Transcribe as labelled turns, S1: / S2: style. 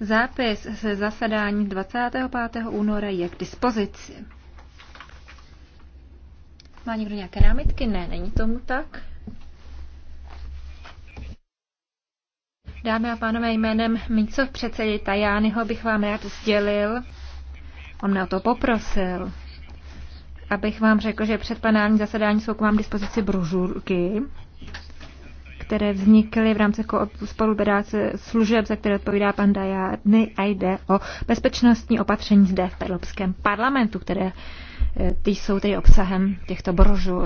S1: Zápis se zasedání 25. února je k dispozici. Má někdo nějaké námitky? Ne, není tomu tak. Dámy a pánové, jménem míco předsedy Tajányho bych vám rád sdělil, on mě o to poprosil, abych vám řekl, že před panální zasedání jsou k vám dispozici brožurky, které vznikly v rámci spolupráce služeb, za které odpovídá pan Dajárny a jde o bezpečnostní opatření zde v Evropském parlamentu, které eh, ty jsou tedy obsahem těchto brožů.